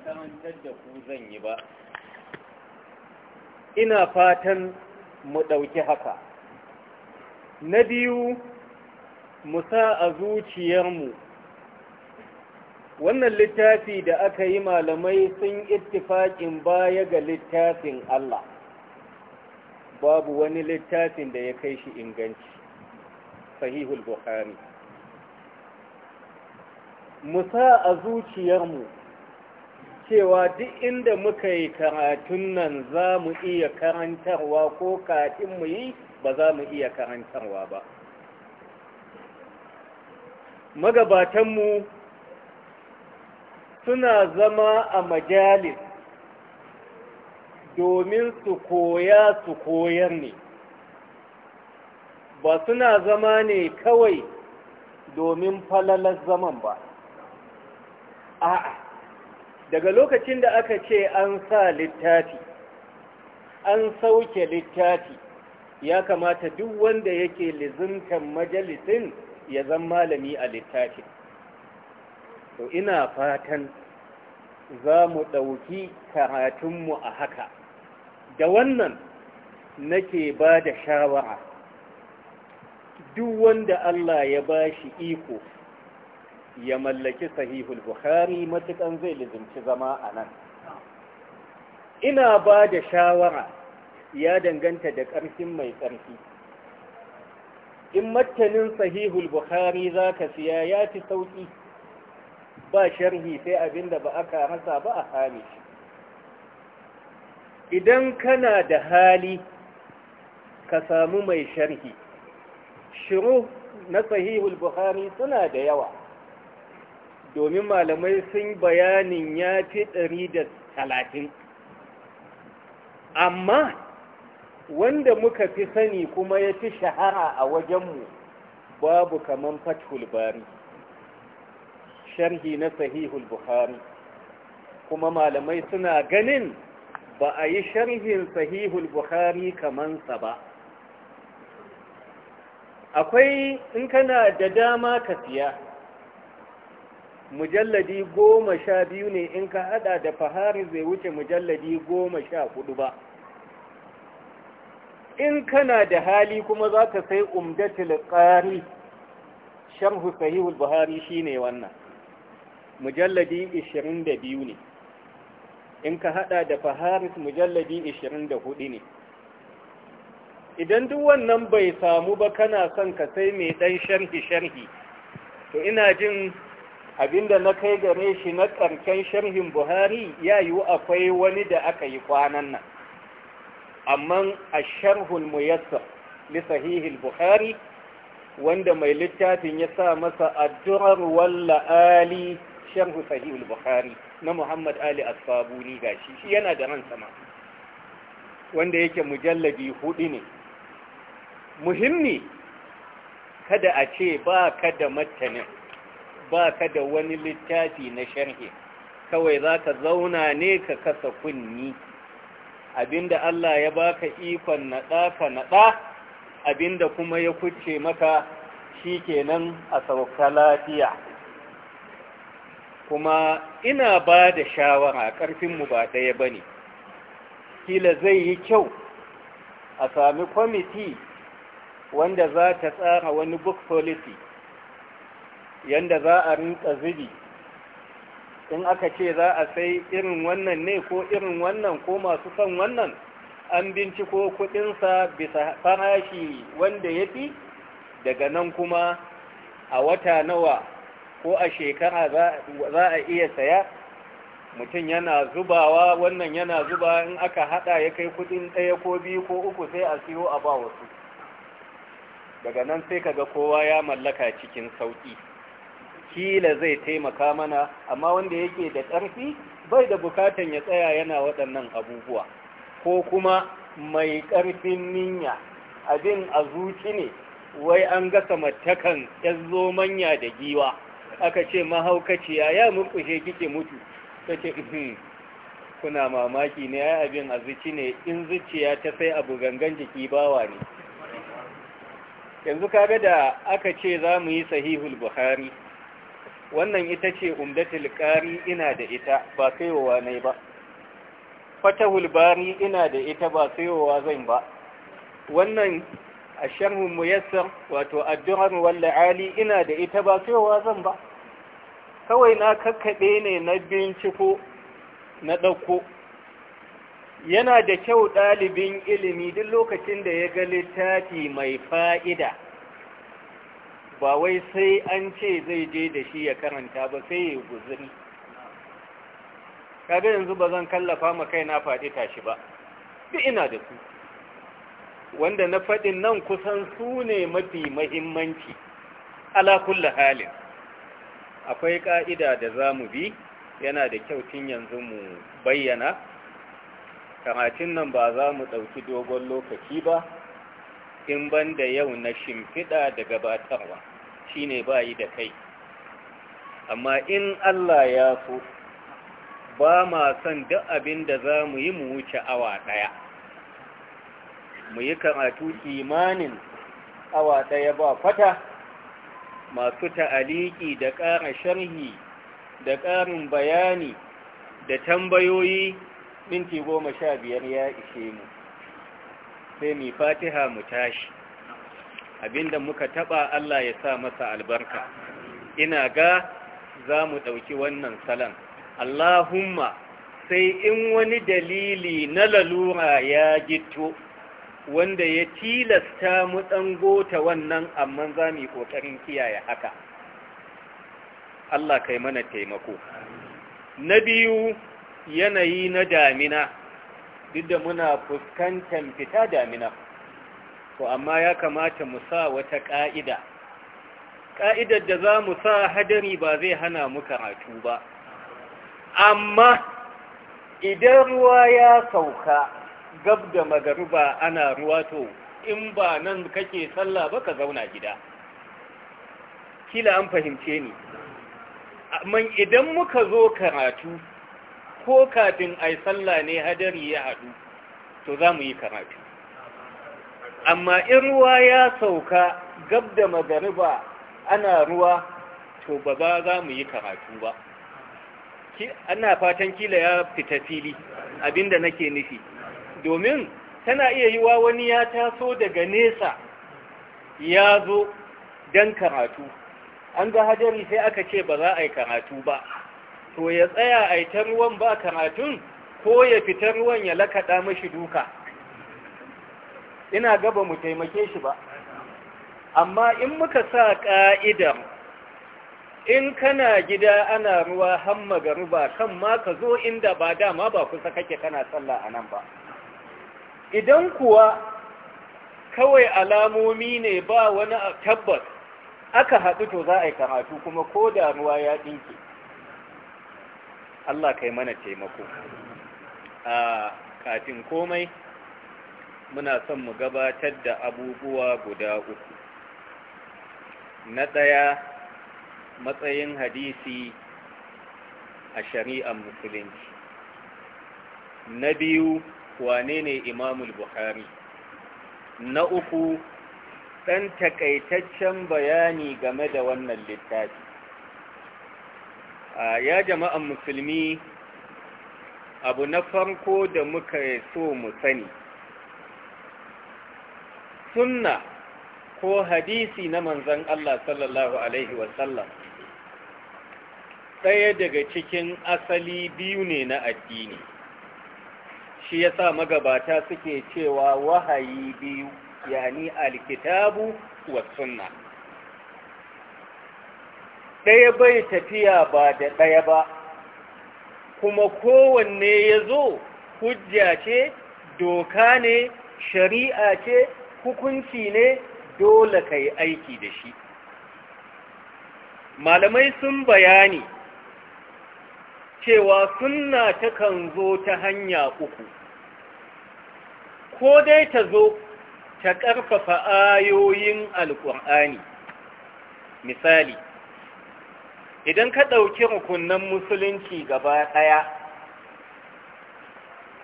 makarantar da ku zan yi ba ina fatan mu ɗauki haka na biyu mu sa a zuciyarmu wannan littafi da aka yi malamai sun ittifaƙin baya ga littafin Allah babu wani littafin da ya kai shi inganci sahihul bukhari mu sa a zuciyarmu cewa duk inda muka yi karatun nan za mu iya karantarwa ko kafin mu yi ba za mu iya karantarwa ba magabatanmu suna zama a majalis domin su koya su koyar ne ba suna zama ne kawai domin falalar zaman ba a'a daga lokacin da aka ce an sa littafi an sauke littafi ya kamata duk wanda yake lizuntan majalisin ya zan malami a littafi. to ina fatan za mu ɗauki karatunmu a haka da wannan nake ba da shawara duk wanda Allah ya ba shi iko ya mallaki sahihul bukhari matukan zai lizinci zama a nan ina ba da shawara ya danganta da ƙarfin mai ƙarfi in matanin sahihul bukhari za ka siya ya fi sauƙi ba sharhi sai abinda ba aka rasa ba a hali idan kana da hali ka samu mai sharhi shiru na sahihul bukhari suna da yawa domin malamai sun bayanin ya fi ɗari da talatin amma wanda muka fi sani kuma ya fi shahara a wajenmu babu kaman fathul bari sharhi na sahihul buhari kuma malamai suna ganin ba a yi sharhin sahihul buhari kamansa ba akwai in kana da dama ka siya mujalladi goma sha biyu ne in ka hada da fahari zai wuce mujalladi goma sha hudu ba in kana da hali kuma za ka sai umdatul ƙari sharhu sahihul buhari shine wannan mujalladi 22 ne in ka hada da faharis mujalladi 24 ne idan duk wannan bai samu ba kana son ka sai mai dan sharhi sharhi to ina jin abinda na kai gare shi na ƙarshen sharhin buhari ya yiwu akwai wani da aka yi kwanan nan amma a sharhun muyassar li sahihil buhari wanda mai littafin ya sa masa addu'ar walla ali sharhu sahihul buhari na muhammad ali asfabuni gashi shi yana da ran sama wanda yake mujallabi hudu ne muhimmi kada a ce ba kada mattanin ba ka da wani littafi na sharhi kawai za ka zauna ne ka kasa kunni abinda Allah ya baka ikon naɗa ka naɗa abinda kuma ya kuce maka shi kenan a sauka lafiya kuma ina ba da shawara ƙarfinmu ba ɗaya ba ne kila zai yi kyau a sami kwamiti wanda za ta tsara wani book policy yanda za a rinka zubi in aka ce za a sai irin wannan ne ko irin wannan ko masu son wannan an binciko kudinsa bisa farashi wanda ya fi daga nan kuma a wata nawa ko a shekara za a iya saya mutum yana zubawa wannan yana zuba in aka hada ya kai kudin ɗaya ko biyu ko uku sai a siyo a ba wasu daga nan sai kaga kowa ya mallaka cikin sauki kila zai taimaka mana amma wanda yake da ƙarfi bai da bukatan ya tsaya yana waɗannan abubuwa ko kuma mai ƙarfin ninya abin a zuci ne wai an gasa matakan ƙyazo manya da giwa aka ce mahaukaciya ya murkushe kike mutu ta ce uhm, kuna mamaki ne ya abin a zuci ne in zuciya ta sai abu gangan jiki bawa ne yanzu kaga da aka ce za mu yi sahihul buhari wannan ita ce umdatul qari ina da ita ba sayowa ne ba fatahul bari ina da ita ba sayowa zan ba wannan asharhu muyassar wato addu'ar walla ali ina da ita ba sayowa zan ba kawai na kakkaɓe ne na binciko na ɗauko yana da kyau ɗalibin ilimi duk lokacin da ya ga littafi mai fa'ida ba wai sai an ce zai je da shi ya karanta ba sai ya guzuri kaga yanzu ba zan kallafa ma kai na faɗi tashi ba duk ina da su wanda na faɗin nan kusan su ne mafi mahimmanci ala kulli halin akwai ƙa'ida da za mu bi yana da kyau tun yanzu mu bayyana karatun nan ba za mu ɗauki dogon lokaci ba in banda yau na shimfiɗa da gabatarwa Shi ne ba yi da kai amma in Allah ya so ba ma son duk abin da za mu yi mu wuce awa ɗaya mu yi karatu imanin awa ɗaya ba kwata masu ta'aliki da ƙara sharhi da ƙarin bayani da tambayoyi minti goma sha biyar ya ishe mu sai mi fatiha mu tashi abinda muka taba Allah ya sa masa albarka ina ga za mu ɗauki wannan salan Allahumma sai in wani dalili na lalura ya gito wanda ya tilasta mu gota wannan amma za mu yi ƙoƙarin kiyaye haka Allah kai mana taimako na biyu yanayi na damina duk da muna fuskantar fita damina to amma ya kamata mu sa wata ƙa'ida ƙa'idar da za mu sa hadari ba zai hana mu karatu ba amma idan ruwa ya sauka gab da magaruba ana ruwa to in ba nan kake sallah ba ka zauna gida kila an fahimce ni amma idan muka zo karatu ko kafin ai sallah ne hadari ya haɗu to za mu yi karatu amma in ruwa ya sauka gab da magariba ana ruwa to ba ba za mu yi karatu ba ana fatan kila ya fita fili abinda nake nufi domin tana iya yi wa wani ya taso daga nesa ya zo don karatu an ga hajari sai aka ce ba za a yi karatu ba to ya tsaya a yi ruwan ba karatun ko ya fita ruwan ya lakaɗa mashi duka ina gaba mu taimake shi ba amma in muka sa ƙa'idar in kana gida ana ruwa hamma ga ruba kan ma ka zo inda ba dama ba kusa kake kana tsalla a nan ba idan kuwa kawai alamomi ne ba wani tabbas aka haɗu to za a yi karatu kuma ko da ruwa ya ɗinke Allah kai mana taimako a ah, kafin komai muna son mu gabatar da abubuwa guda uku na ɗaya matsayin hadisi a shari'ar musulunci na biyu wane ne imamul buhari na uku ɗan takaitaccen bayani game da wannan littafi ya jama'an musulmi abu na farko da muka so mu sani sunna ko hadisi na manzan Allah sallallahu Alaihi wasallam ɗaya daga cikin asali biyu ne na addini shi ya sa magabata suke cewa wahayi biyu yani alkitabu wa sunna ɗaya bai tafiya ba da ɗaya ba kuma kowanne ya zo hujja ce doka ne shari'a ce hukunci ne dole ka yi aiki da shi malamai sun bayani cewa sunna ta kan zo ta hanya uku ko dai ta zo ta ƙarfafa ayoyin alƙur'ani misali idan ka ɗauki rukunan musulunci gaba ɗaya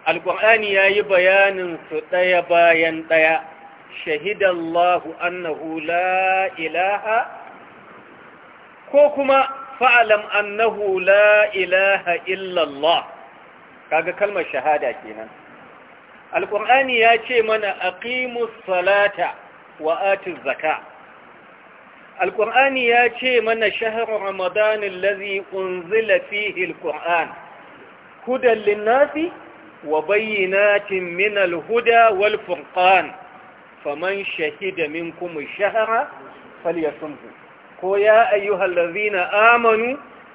alƙur'ani ya yi bayanin su ɗaya bayan ɗaya shahidallahu annahu la ilaha ko kuma fa'alam annahu la ilaha illallah kaga kalmar shahada kenan alƙur'ani ya ce mana aqimus salata wa atuz zaka alƙur'ani ya ce mana shahrur ramadan allazi unzila fihi alqur'an hudan lin-nasi wa bayyana min al-huda wal-furqan faman shahida minkum shahra falyasumhu ko ya ayyuhal ladzina amanu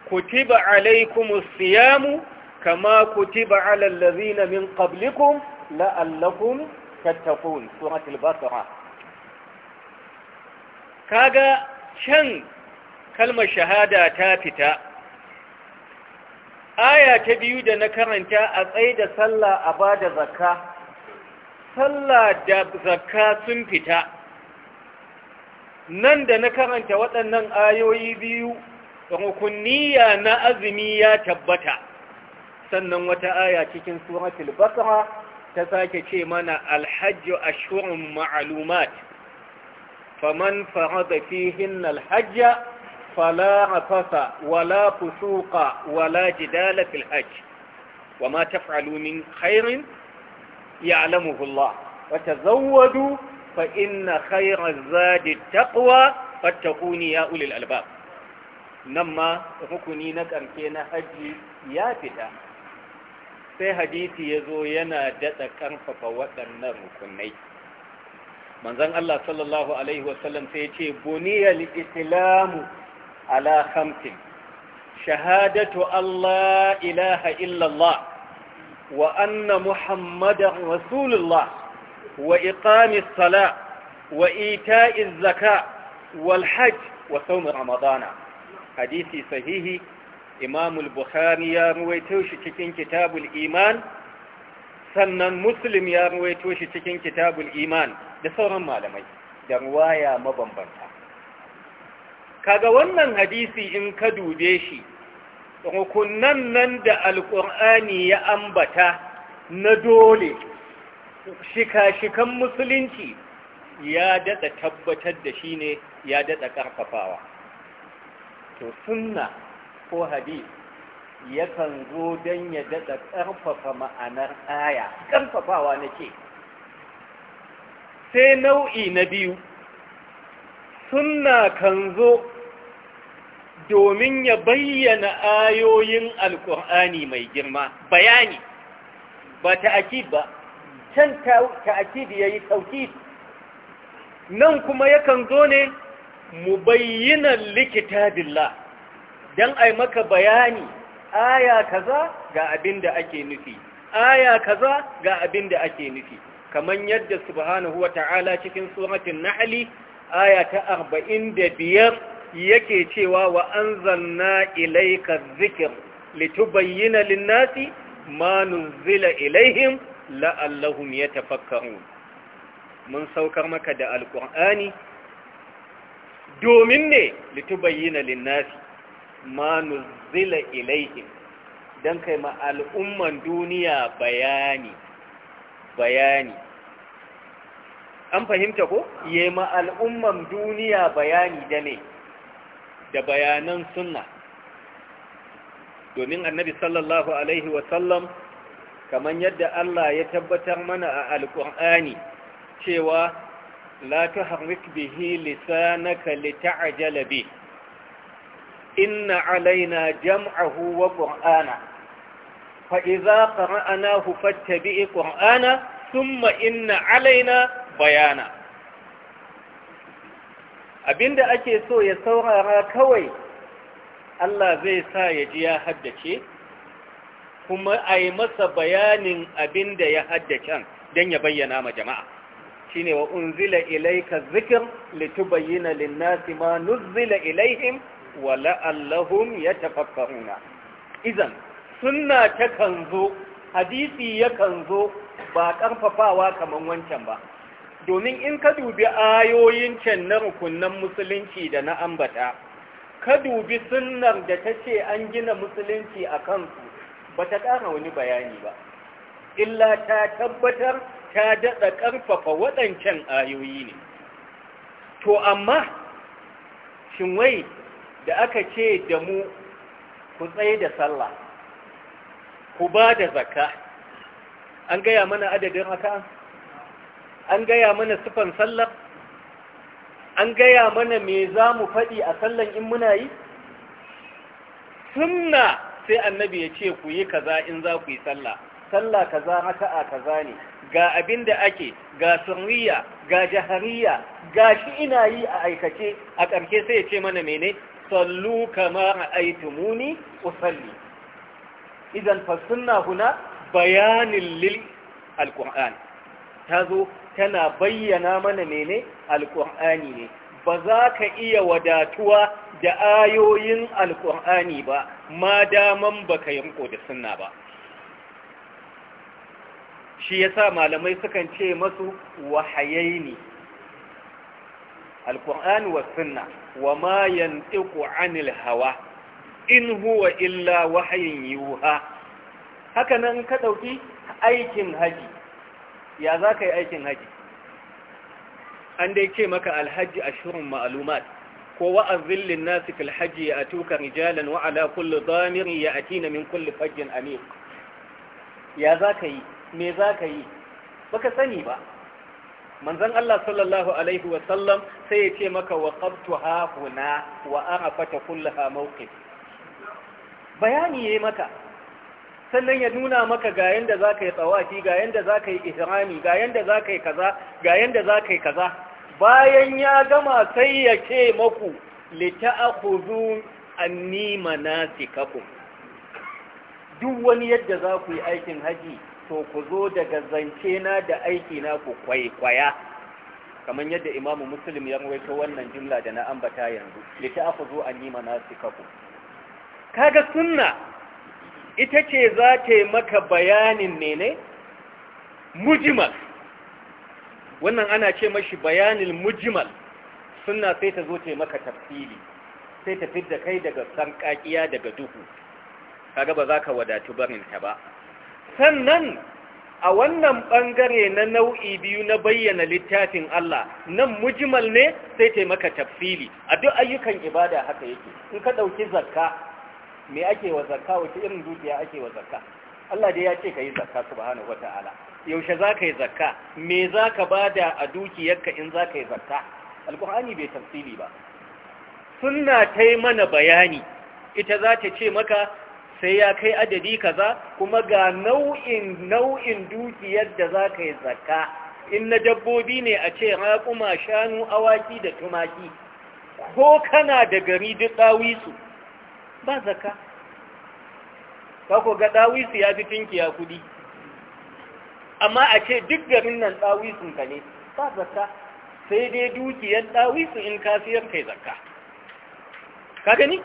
kutiba alaykumus siyamu kama kutiba alal ladzina min qablikum la'allakum tattaqun suratul baqara kaga can kalmar shahada ta fita aya ta biyu da na karanta a tsaida sallah a bada zakka sallah da zakka sun fita nan da na karanta waɗannan ayoyi biyu rukunniya na azumi ya tabbata sannan wata aya cikin suratul baqara ta sake ce mana alhajju ashhurun ma'lumat faman farada fihinna alhajja fala rafasa wala fusuqa wala jidala fil hajj ma taf'alu min khairin ya'lamuhu Allah Bata tazawwadu fa inna khayra zadi taqwa fattaquni ya ulil albab nan ma hukuni na karke na hajji ya fita sai hadisi ya zo yana daɗa ƙarfafa waɗannan rukunai manzon Allah sallallahu alaihi wasallam sai ya ce buniyal islamu ala khamsin shahadatu Allah ilaha illallah وأن محمدا رسول الله وإقام الصلاة وإيتاء الزكاة والحج وصوم رمضان حديث صحيح إمام البخاري يا رويتوش تكين كتاب الإيمان sannan muslim ya ruwaito shi cikin kitabul iman da sauran malamai da ruwaya mabambanta kaga wannan hadisi in ka dube shi rukunan nan da alƙur'ani ya ambata na dole shika-shikan musulunci ya daɗa tabbatar da shi ne ya daɗa ƙarfafawa to sunna ko ya yakan zo don ya daɗa ƙarfafa ma'anar aya ƙarfafawa na ce sai nau'i na biyu sunna kan zo domin ya bayyana ayoyin alkur'ani mai girma bayani ba ta'akid ba can ya yayi taukid nan kuma yakan zo ne mu bayyana likita likitabillah dan ai maka bayani aya kaza ga abinda ake nufi aya kaza ga abinda ake nufi kaman yadda subhanahu Ta'ala cikin suratul nahl aya ta 45 yake cewa wa anzalna ilayka dhikr litubayyana lin-nasi ma nuzila ilaihim la'allahum yatafakkarun mun saukar maka da alqur'ani domin ne litubayyana lin-nasi ma nuzila ilaihim dan kai ma al'umman duniya bayani bayani an fahimta ko yema al'umman duniya bayani da ne da bayanan sunna domin annabi sallallahu alaihi wasallam kamar yadda Allah ya tabbatar mana a alƙur'ani cewa la tuharrik bihi lisanaka lita'jala bi inna alaina jam'ahu wa qur'ana fa idza qara'nahu fattabi' qur'ana thumma inna alaina bayana abinda ake so ya saurara kawai Allah zai sa ya ji ya haddace kuma a yi masa bayanin abinda ya haddace don ya bayyana ma jama'a Shi ne wa unzila ilaika zikir litubayyana lin linnasi ma nuzila ilayhim wa la'allahum yatafakkaruna izan sunna ta kan zo hadisi ya kan zo ba ƙarfafawa kamar wancan ba domin in ka dubi ayoyin can na rukunan musulunci da na ambata ka dubi sunnar da ta ce an gina musulunci a kansu ba ta ƙara wani bayani ba illa ta tabbatar ta daɗa ƙarfafa waɗancan ayoyi ne to amma shin da aka ce da mu ku tsaye da sallah ku ba da zaka an gaya mana adadin haka an gaya mana sifan sallar an gaya mana me za mu faɗi a sallan in muna yi sunna sai annabi ya ce ku yi kaza in za ku yi sallah sallah kaza a kaza ne ga abin da ake ga sunriya ga jahariya ga shi ina yi a aikace a ƙarshe sai ya ce mana mene sallu kama aitumuni usalli idan fa sunna huna bayanin lil alquran ta kana bayyana mana mene alƙur'ani ne ba za ka iya wadatuwa da ayoyin alƙur'ani ba ma daman ba ka yanko da sunna ba shi ya sa malamai sukan ce masu wahayai ne alƙur'ani wa sunna wa ma yantiku anil hawa in huwa illa wahayin yuha haka nan ka ɗauki aikin haji ya za ka yi aikin haji an dai ce maka alhaji a shirin ma'alumat ko wa'azin linnasi fil haji a tuka rijalan wa ala kullu damirin ya na min kullu fajjin amir ya za ka yi me za ka yi baka sani ba Manzan Allah sallallahu alaihi Wasallam sai ya ce maka wa qabtu hafuna wa arafata kullaha mawqif bayani yi maka sannan ya nuna maka ga yanda za ka yi tsawafi ga yanda za ka yi ihrami ga yanda za ka yi kaza ga yanda za ka yi kaza bayan ya gama sai ya ce maku na anni manasikakum duk wani yadda za ku yi aikin haji to ku zo daga zance na da aiki na ku kwaikwaya kamar yadda imamu muslim ya rawaito wannan jumla da na ambata yanzu an-nima Ka kaga sunna ita ce za ta yi maka bayanin ne mujimal wannan ana ce mashi bayanin mujimal suna sai ta zo ta yi maka tafsiri sai ta fidda kai daga sankakiya daga duhu kaga ba za ka wadatu barinta ba sannan a wannan bangare na nau'i biyu na bayyana littafin Allah nan mujimal ne sai maka tafsili a duk ayyukan ibada haka yake in ka ɗauki zakka me ake wa zakka wace irin dukiya ake wa zakka Allah dai ya ce ka yi zakka subhanahu wata'ala yaushe zaka yi zakka me zaka ka bada a dukiyarka in zaka ka yi zakka alkur'ani bai tafsili ba sunna tai mana bayani ita za ta ce maka sai ya kai adadi kaza kuma ga nau'in nau'in dukiyar da za yi zakka in na dabbobi ne a ce raƙuma shanu awaki da tumaki ko kana da gari duk ba zaka ba ko ga dawisu ya fi tinkiya kudi amma a ce duk garin nan dawisun ka ne ba zaka sai dai dukiyar dawisu in ka kai zaka ka gani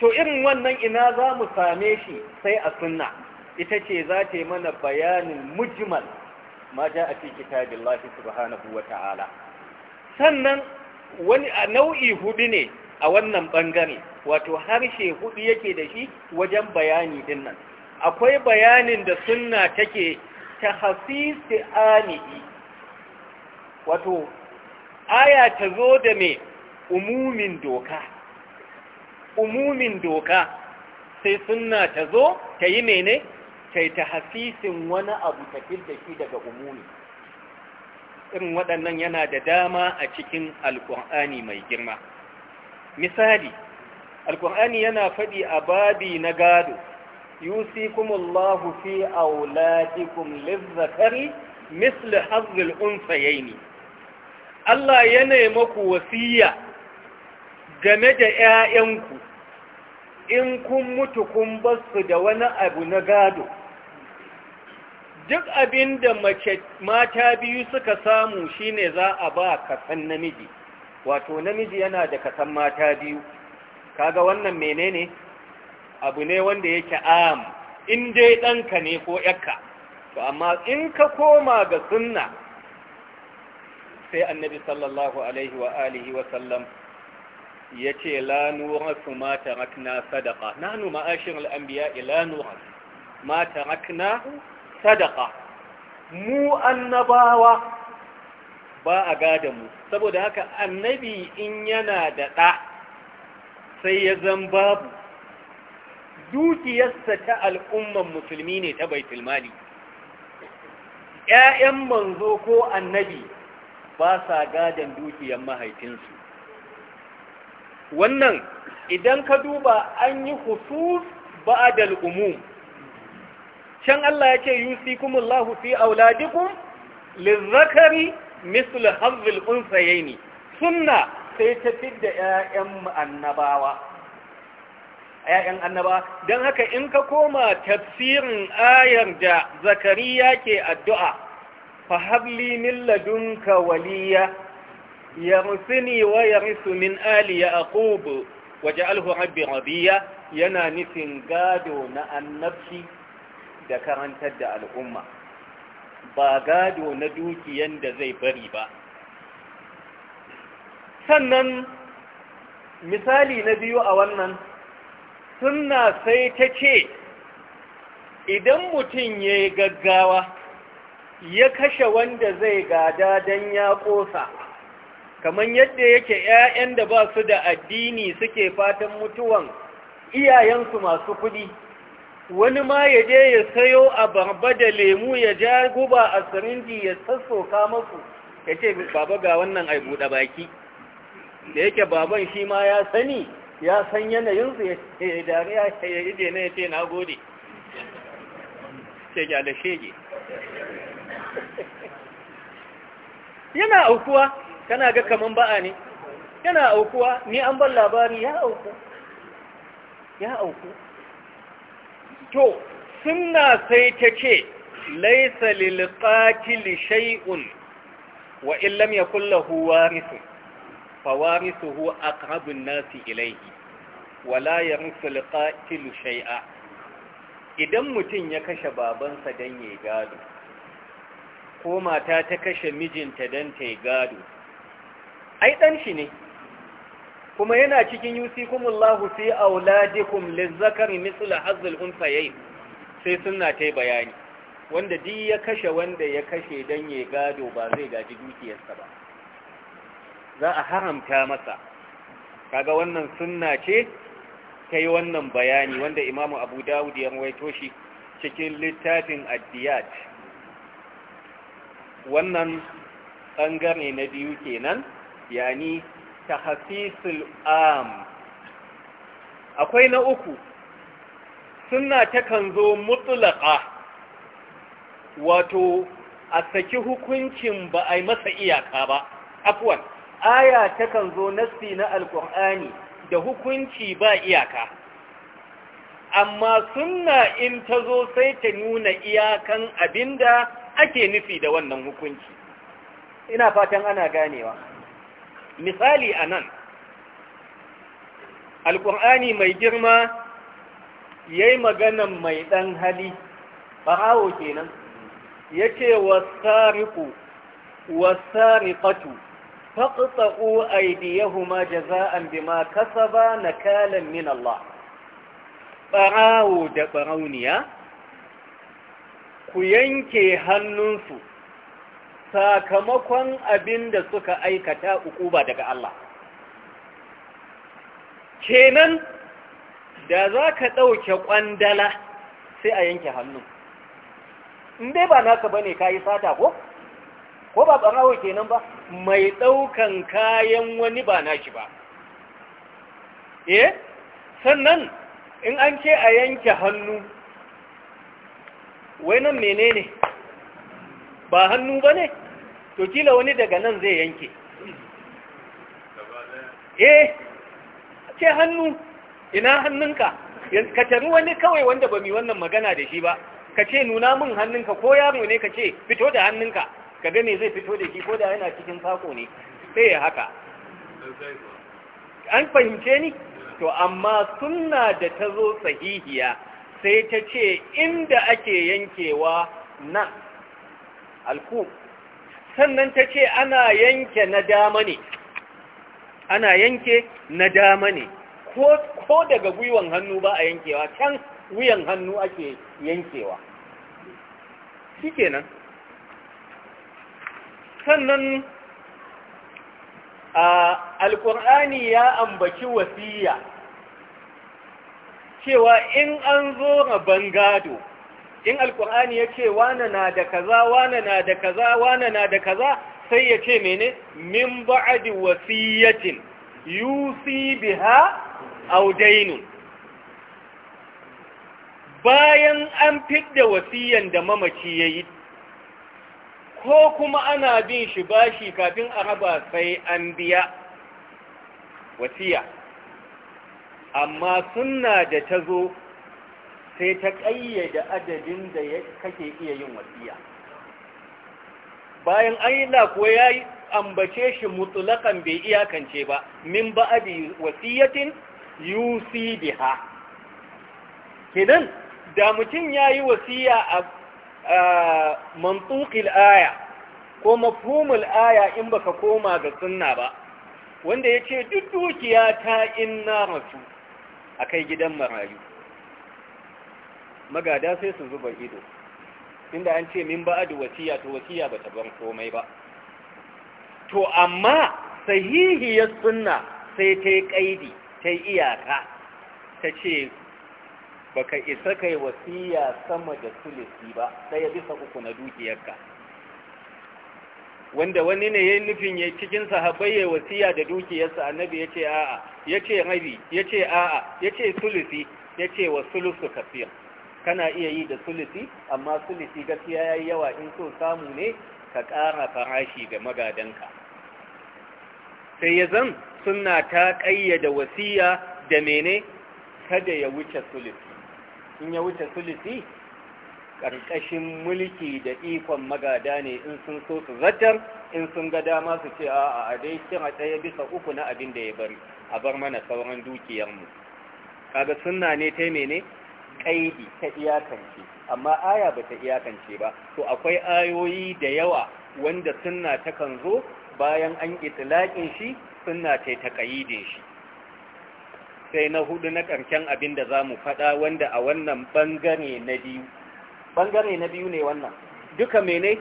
to irin wannan ina za mu same shi sai a sunna ita ce za ta yi mana bayanin mujimal. ma ja a fi kitabillahi subhanahu wa ta'ala sannan wani a nau'i hudu ne a wannan bangare wato harshe hudu yake da shi wajen bayani din nan akwai bayanin da sunna take ta hasisi ani'i wato aya ta zo da mai umumin doka umumin doka sai sunna ta zo ta yi mene ta yi ta hasisin wani abu tafi da shi daga umumi irin waɗannan yana da dama a cikin alƙur'ani mai girma misali alkur'ani yana faɗi a babi na gado yusikumullahu fi auladikum lizzakari misli Allah yana maku wasiya game da ‘ya'yanku in kun mutu kun basu da wani abu na gado duk abinda da mata biyu suka samu shine za a ba kasan namiji wato namiji yana da kasan mata biyu kaga wannan menene abu ne wanda yake am in dai ɗanka ne ko yakka to amma in ka koma ga sunna sai annabi sallallahu alaihi wa alihi wa sallam ya ce la nurasu ma tarakna nanu ma'ashin al'anbiya la nurasu ma tarakna mu annabawa ba a gada mu saboda haka annabi in yana da ɗa sai ya zan babu dukiyarsa ta al'umman musulmi ne ta baitul mali ‘ya'yan manzo ko annabi ba sa gadon dukiyar mahaifinsu wannan idan ka duba an yi husus da umum can Allah ya ce yusikumullahu fi auladikum lizzakari mislu hazzul unsayaini sunna sai ta fidda ƴaƴan annabawa annabawa don haka in ka koma tafsirin ayar da zakariya ke addu'a fa habli min ladunka waliya yarsini wa yarsu min ali yaqub waj'alhu rabbi radiya yana nufin gado na annabci da karantar da al'umma ba gado na dukiyan da zai bari ba sannan misali na biyu a wannan suna sai ta ce idan mutum ya yi gaggawa ya kashe wanda zai gada don ya ƙosa kamar yadda yake 'ya'yan da ba su da addini suke fatan mutuwan iyayensu masu kuɗi wani ma ya je ya sayo a barba da lemu ya ja guba a sirinji ya sassoka masu ya ce baba ga wannan aibu buɗe baki da yake baban shi ma ya sani ya san yanayinsu ya eh, dariya ya ije na ya ce na gode shege da shege yana aukuwa kana ga kaman ba'a ne yana aukuwa ni an ban labari ya auku ya auku to sunna sai ta ce laisa lil qatil shay'un wa in lam yakul lahu warithun fawarithuhu aqrabu an-nasi ilaihi, wala la yarithu lil qatil idan mutum ya kashe babansa dan yayi gado ko mata ta kashe mijinta dan tayi gado ai dan shi ne kuma yana cikin yusi kuma yusikumullahu fi auladikum lizzakari mislu hazzul unsayayn sai sunna tai bayani wanda duk ya kashe wanda ya kashe dan ya gado ba zai gaji dukiyarsa ba za a haramta masa kaga wannan sunna ce kai wannan bayani wanda imamu abu dawud ya rawaito shi cikin littafin addiyat wannan bangare na biyu kenan yani tahfisul am akwai na uku sunna takan zo mutlaqa wato a saki hukuncin ba a yi masa iyaka ba afwan aya takan zo nassi na alqur'ani da hukunci ba iyaka amma sunna in ta zo sai ta nuna iyakan abinda ake nufi da wannan hukunci ina fatan ana ganewa misali a nan alƙur'ani mai girma ya yi maganan mai ɗan hali Farawo kenan ya ce wasariku a faƙasa'u aidiyahuma jaza'an bima kasaba na kalan min Allah ɓarawo da Barauniya. ku yanke hannunsu sakamakon abin da suka aikata uku ba daga Allah kenan da za ka ɗauke ƙwandala sai a yanke hannu in dai ba naka ba ne ka yi sata ko? ko ba ɓarawo kenan ba mai ɗaukan kayan wani ba nashi ba eh sannan in an ke a yanke hannu wai nan menene ba hannu ba ne? to kila wani daga nan zai yanke eh ce hannu ina hannunka ka taru wani kawai wanda ba mi wannan magana da shi ba ka ce nuna min hannunka ko yaro ne ka ce fito da hannunka ka gane zai fito da shi ko da yana cikin sako ne sai ya haka an fahimce ni to amma sunna da ta zo sahihiya sai ta ce inda ake yankewa na alku sannan ta ce ana yanke na dama ne ana yanke na dama ne ko daga gwiwan hannu ba a yankewa can wuyan hannu ake yankewa shi kenan sannan alƙur'ani ya ambaci wasiya cewa in an zo rabon gado in alkur'ani ya ce wane na da kaza wane na da kaza wane na da kaza sai ya ce mene min ba'adi wasiyatin yusi biha aw bayan an fidda wasiyan da mamaci yayi ko kuma ana bin shi bashi kafin a raba sai an biya wasiya amma sunna da tazo sai ta ƙayyade adadin da kake iya yin wasiya bayan Allah kuwa ya ambace shi mutulakan bai iyakance ba min ba adi wasiyatin yusi biha kidan da mutum yayi wasiya a mantuqil aya ko mafhumul aya in baka koma ga sunna ba wanda yace duk dukiya ta inna rasu a kai gidan marayu magada sai su zuba ido inda an ce min ba'adu wasiya to wasiya bata ban komai ba to amma sahihiyar sunna sai ta yi kaidi ta yi iyaka ta ce baka isa kai wasiya sama da sulisi ba sai ya bisa uku na dukiyarka wanda wani ne ya nufin ya cikin sahabbai ya wasiya da dukiyarsa annabi ya ce a'a ya ce rabi ya ce a'a ya ce sulisi ya ce wa sulusu kafiyar kana iya yi da sulisi amma sulisi gaskiya ya yi yawa in so samu ne ka ƙara farashi ga magadanka sai ya zan suna ta ƙayyada wasiya da mene kada ya wuce sulisi in ya wuce sulisi ƙarƙashin mulki da ikon magada ne in sun so su zartar in sun ga dama su ce a a dai kira ɗaya bisa uku na abin da ya bari a bar mana sauran dukiyarmu kaga sunna ne ta mene ƙaidi ta iyakance amma aya ba ta iyakance ba to akwai ayoyi da yawa wanda sunna ta kan zo bayan an itilaƙin shi sunna ta ta ƙaidin shi sai na hudu na ƙarshen abin da za mu faɗa wanda a wannan ɓangare na biyu bangare na biyu ne wannan duka mene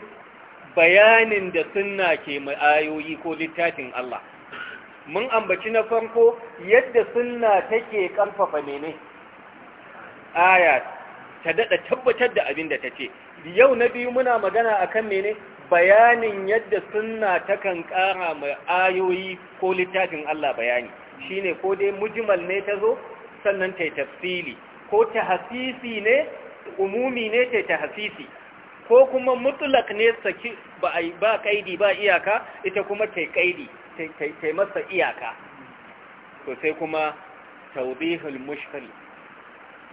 bayanin da sunna ke mai ayoyi ko littafin Allah mun ambaci na farko yadda sunna take ƙarfafa mene aya ta daɗa tabbatar da abin da ta yau na biyu muna magana akan mene bayanin yadda sunna takan ƙara mai ayoyi ko littafin Allah bayani shine ko dai mujmal ne ta zo sannan ta tafsili ko ta hasisi ne umumi ne ta ta hasisi ko kuma mutlak ne saki ba ba kaidi ba iyaka ita kuma ta kaidi ta masa iyaka to sai kuma tawdihul mushkil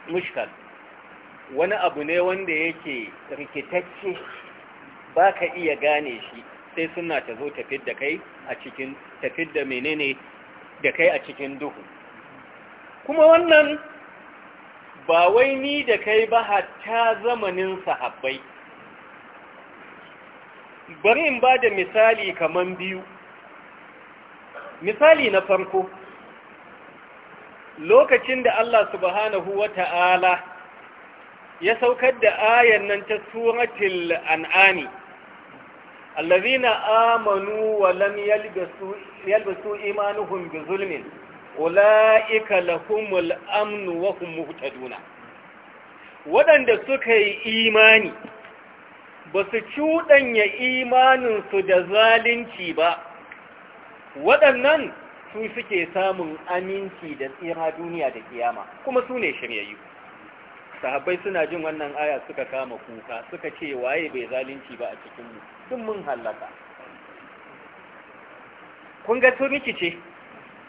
mushkal wani abu ne wanda yake rikitacce ba ka iya gane shi sai suna ta zo tafid da kai a cikin tafid da menene da kai a cikin duhu kuma wannan ba wai ni da kai ba hatta zamanin sahabbai bari in ba da misali kaman biyu misali na farko lokacin da Allah subhanahu wa ta'ala ya saukar da ayan nan ta suratul an'ami allazina amanu wa lam yalbasu yalbasu imanuhum bi zulmin ula'ika lahumul amnu wa hum muhtaduna waɗanda suka yi imani ba su cuɗanya imaninsu da zalunci ba waɗannan su suke samun aminci da tsira duniya da kiyama kuma su ne shiryayyu sahabbai suna jin wannan aya suka kama kuka suka ce waye bai zalunci ba a cikinmu sun mun hallaka kun ga sun rikice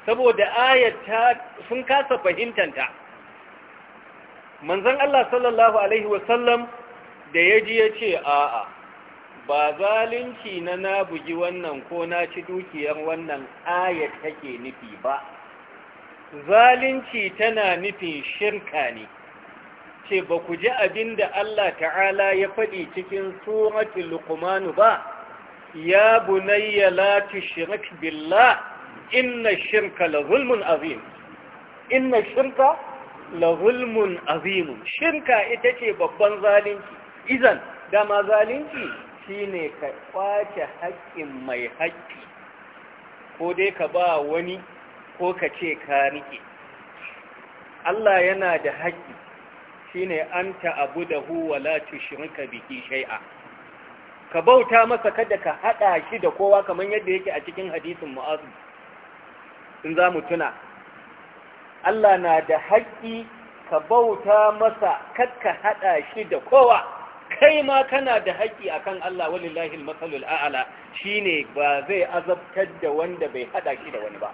saboda ayar ta sun kasa fahimtanta manzon Allah sallallahu alaihi wasallam da ya ya yace a'a ba zalunci na na bugi wannan ko na ci dukiyar wannan ayat take nufi ba zalunci tana nufin shirka ne ce ba ku ji abin da Allah ta'ala ya faɗi cikin suratul luqman ba ya bunayya la tushrik billah inna shirka la zulmun azim inna shirka la zulmun azim shirka ita ce babban zalunci idan dama zalunci shine ka kwace haƙƙin mai haƙƙi ko dai ka ba wani ko ka ce ka rike Allah yana da haƙƙi shine an abu da huwa la tushrika biki shai'a. ka bauta masa kada ka haɗa shi da kowa kamar yadda yake a cikin hadisin mu'azu in za mu tuna Allah na da haƙƙi ka bauta masa ka haɗa shi da kowa kai ma kana da haƙƙi kan Allah lillahi matsalul masalul shi ne ba zai azabtar da wanda bai hada shi da wani ba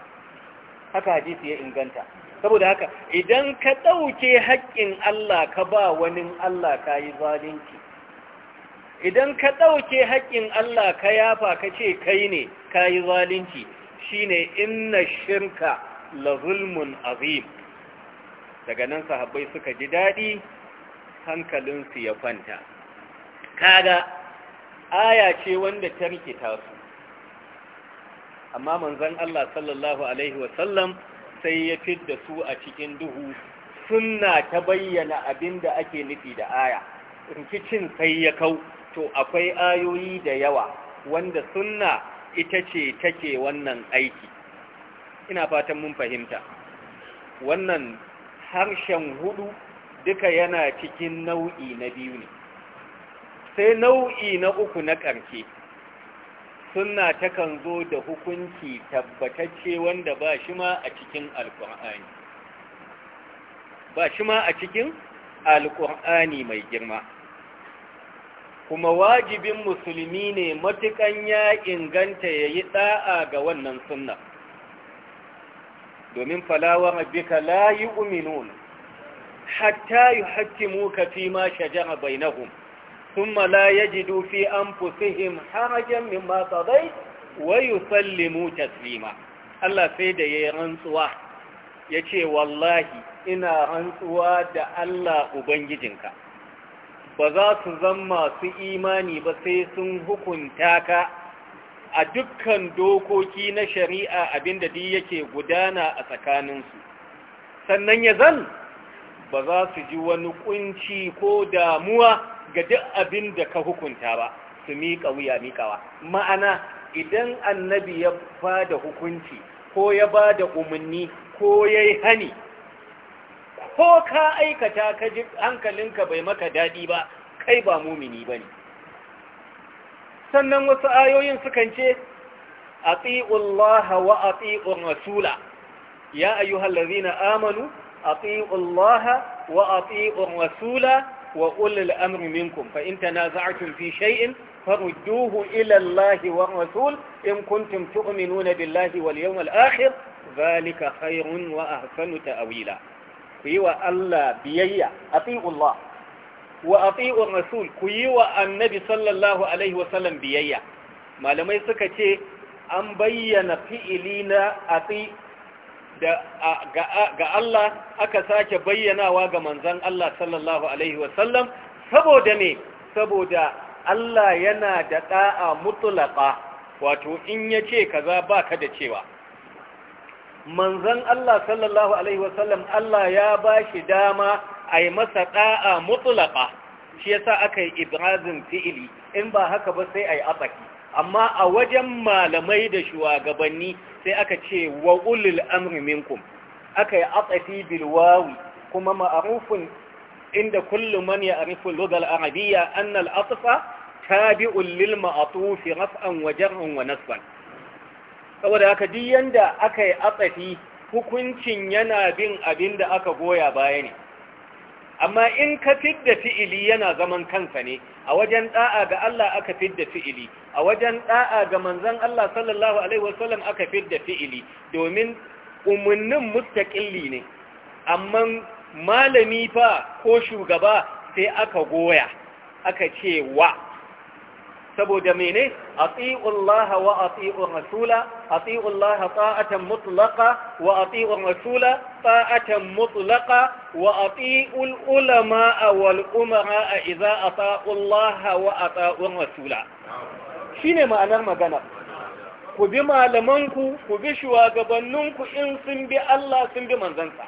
haka hadisi ya inganta saboda haka idan ka ɗauke haƙƙin Allah ka ba wani Allah ka yi zalunci idan ka ɗauke haƙƙin Allah ka yafa ka ce kai ne ka yi zalunci shi ne inna shirka la zulmun azim daga nan sahabbai suka ji daɗi hankalinsu ya kwanta kaga aya ce wanda ta rikita su amma manzon Allah sallallahu alaihi wasallam sai ya da su a cikin duhu sunna ta bayyana abinda ake nufi da aya rikicin sai ya kau to akwai ayoyi da yawa wanda sunna ita ce take wannan aiki ina fatan mun fahimta wannan harshen hudu duka yana cikin nau'i na biyu ne sai nau'i na uku na ƙarshe sunna takan zo da hukunci tabbatacce wanda ba shi ma a cikin alƙur'ani ba shi ma a cikin alƙur'ani mai girma kuma wajibin musulmi ne matukan ya inganta ya yi ɗa'a ga wannan sunna domin falawar abika la yu'minun hatta ka fi ma shajara bainahum ثم لا يجدوا في أنفسهم حرجا مما قضيت ويسلموا تسليما الله سيدة يرنسوا يجي والله إنا رنسوا دع الله أبنجدنك فذات زما في إيماني بسيس هكنتاك a dukkan dokoki na shari'a abinda duk yake gudana a tsakaninsu sannan ya zan ba za su ji wani kunci ko damuwa ga duk abin da ka hukunta ba su miƙa wuya miƙawa ma'ana idan annabi ya ba da hukunci ko ya ba da umarni ko ya yi hani ko ka aikata ka ji hankalinka bai maka daɗi ba kai ba mumini ba ne sannan wasu ayoyin sukan ce a Laha wa a tsi'un rasula ya ayyuhallazina amanu a Laha wa a tsi'un rasula wa ulil amri minku, fa in tanaza'tum fi shay'in farudduhu ila Allah wa rasul in kuntum tu'minuna billahi wal yawmil akhir zalika khairun wa ahsanu ta'wila ku yi wa Allah biyayya ati'u Allah wa ati'u rasul ku yi wa annabi sallallahu alaihi biyayya malamai suka ce an bayyana fi'ilina ga Allah aka sake bayyanawa ga manzan Allah sallallahu Alaihi wasallam saboda ne saboda Allah yana da ɗa'a mutulaka wato in ya ce kaza ba ka da cewa manzan Allah sallallahu Alaihi wasallam Allah ya ba shi dama a yi masa ɗa'a mutulaka shi yasa aka yi ibrazin fi'ili in ba haka ba sai a yi atsaki amma a wajen malamai da shugabanni sai aka ce wa ulul amri minkum aka yi atsafi bilwawi kuma ma'arufin inda kullum man ya arifu lugal arabiyya annal atfa tabi'un lil ma'tufi raf'an wa jar'an wa nasban saboda haka duk yanda aka yi atsafi hukuncin yana bin abin da aka goya baya ne amma in ka fidda fi'ili yana zaman kansa ne a wajen da'a ga Allah aka fidda fi'ili a wajen da'a ga manzon Allah sallallahu alaihi wasallam aka da fi'ili domin umarnin mustaƙilli ne amma malami fa ko shugaba sai aka goya aka ce wa saboda mene ati'ullaha wa a ati'ur rasula a ati'ullaha ta'atan mutlaqa wa a ati'ur rasula ta'atan mutlaqa wa a ati'ul ulama a wal umara idza ata'ullaha wa a ata'ur rasula Shi ne ma'anar magana ku bi malamanku ku bi shugabanninku in sun bi Allah sun bi manzansa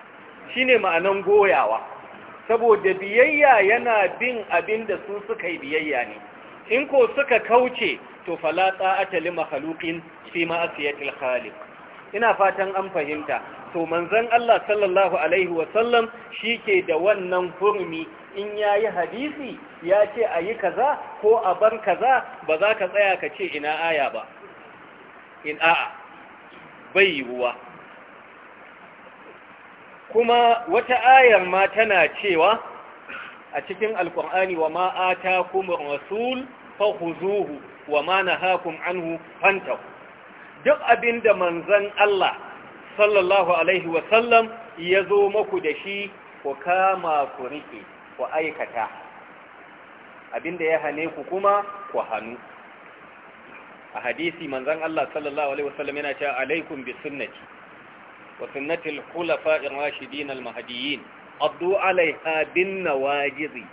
Shi ne ma'anar goyawa saboda biyayya yana bin abin da su suka yi biyayya ne in ko suka kauce to falata a tali mahalukin fi ma'asiyatil khaliq ina fatan an fahimta to manzon Allah sallallahu alaihi wa sallam shike da wannan hurmi in ya yi hadisi ya ce a yi kaza ko a bar kaza ba za ka tsaya ka ce ina aya ba in a'a bai yiwuwa kuma wata ayar ma tana cewa a cikin alkur'ani wa ma'ata kuma rasul huzuhu wa ma hakun anhu fanta duk da manzan Allah sallallahu alaihi wasallam ya zo maku da shi ku kama ku rike ku aikata abinda ya hane ku kuma ku hannu a hadisi manzan Allah sallallahu alaihi wasallam yana cewa alaikum bi sunnati wa sunnati al-khulafa'ir rashidin al alaiha bin nawajizi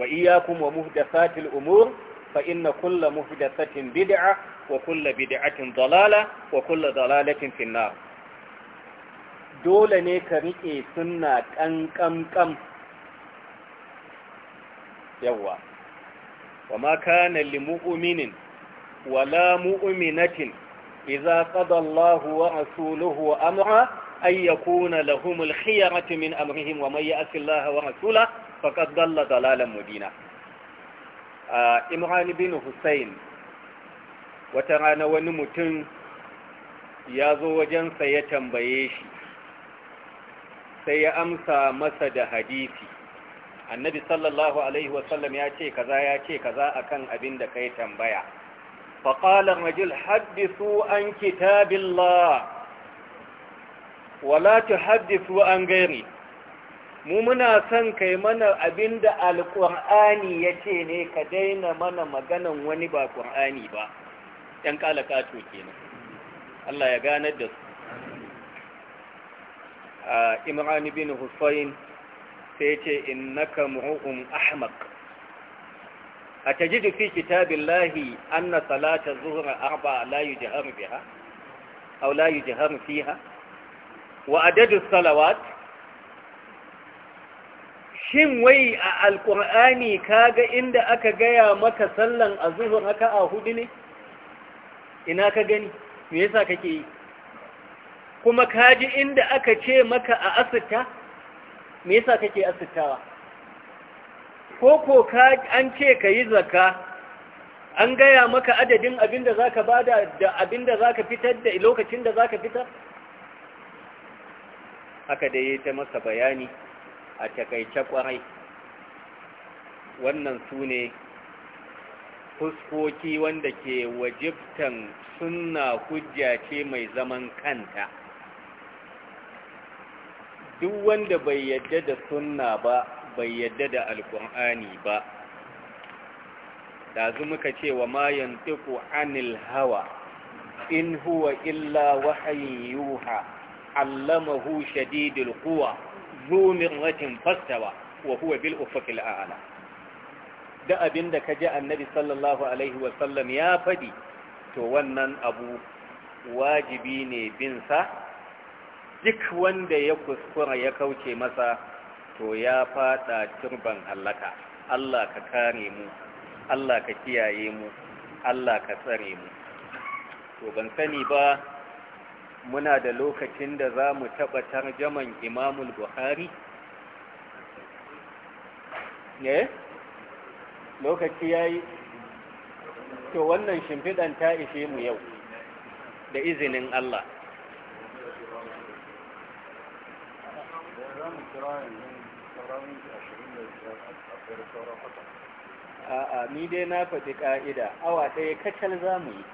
wa iyyakum wa muhdasatil umur fa inna kulla muhdasatin bid'a wa kulla bid'atin dalala wa kulla dalalatin finnar dole ne ka riƙe sunna ƙanƙanƙan. yawwa wa ma kana li mu'minin wala mu'minatin idza qada Allahu wa rasuluhu amra ay yakuna lahumul khiyaratu min amrihim wa may ya'si Allah wa rasulahu faqad dalla dalalan mubina Imran bin Hussein wata rana wani mutum ya zo wajensa ya tambaye shi sai ya amsa masa da hadisi annabi sallallahu alaihi wasallam ya ce kaza ya ce kaza akan abin da kai tambaya faƙalar rajul haddisu an kitabillah wala tuhaddisu an gairi mu muna son kai mana abinda alƙur'ani yace ne ka daina mana maganan wani ba ƙur'ani ba ɗan ƙato kenan Allah ya ganar da su ah, imran bin Hussein sai ce innaka mu'um ahmaq atajidu fi kitabillahi anna salata zuhra arba la yujharu biha aw la yujharu fiha wa adadu salawat shin wai a alqur'ani kaga inda aka gaya maka sallan azhur haka a hudu ne ina ka gani me yasa kake yi kuma kaji inda aka ce maka a asita me yasa kake asittawa ko ko ka an ce ka yi zakka an gaya maka adadin abin da bada da abin da fitar da lokacin da za ka fitar haka da ya ta masa bayani a takaice kwarai wannan su fuskoki wanda ke wajibtan sunna hujja ce mai zaman kanta duk wanda bai yadda da sunna ba bai yadda da alƙur'ani ba dazu muka ce wa ma yantiqu anil hawa in huwa illa wahayin yuha allamahu shadidul quwa zu mirratin fastawa wa huwa bil ufqil a'la da abinda ka ji annabi sallallahu alaihi wa sallam ya fadi to wannan abu wajibi ne bin sa duk wanda ya kuskura ya kauce masa to ya fada turban halaka Allah ka kare mu Allah ka kiyaye mu Allah ka tsare mu to ban sani ba muna da lokacin da za mu taɓa tarjaman imamul buhari ne eh? lokaci ya yi to wannan shimfiɗan ta ishe mu yau da izinin Allah a'a ni dai na faɗi ƙa'ida awa ɗaya kacal za mu yi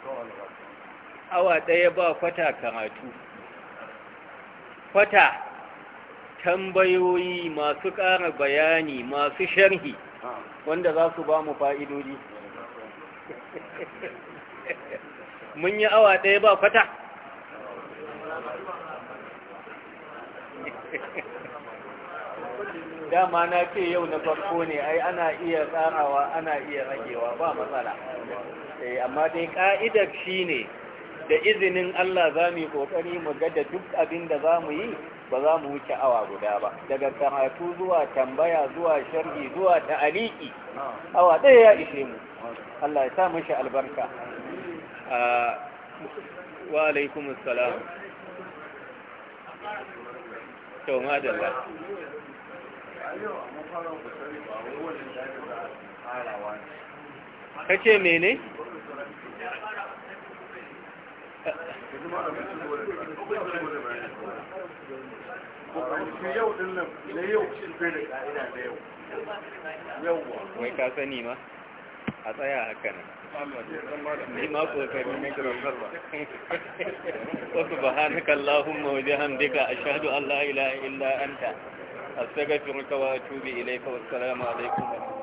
awa ɗaya ba kwata karatu kwata tambayoyi masu ƙara bayani masu sharhi wanda za su ba mu fa'idodi mun yi awa ɗaya ba kwata dama na ce yau na farko ne ai ana iya tsarawa ana iya ragewa ba matsala eh, amma dai ka'idar shi ne da izinin Allah za mu yi kokari mu ga da duk abin da za mu yi ba za mu wuce awa guda ba daga karatu zuwa tambaya zuwa sharhi zuwa ta'aliki awa ɗaya ya ishe mu Allah ya sa mashi albarka wa alaikumussalam to madalla ka ce mene? wai ka sani ma a tsaya haka nan ni ma kokari na girarwa wasu ba hannun kallahun mawajin hamdika a shahadu allah ila illa anta astaghfiruka wa atubu ilayka wa assalamu alaikum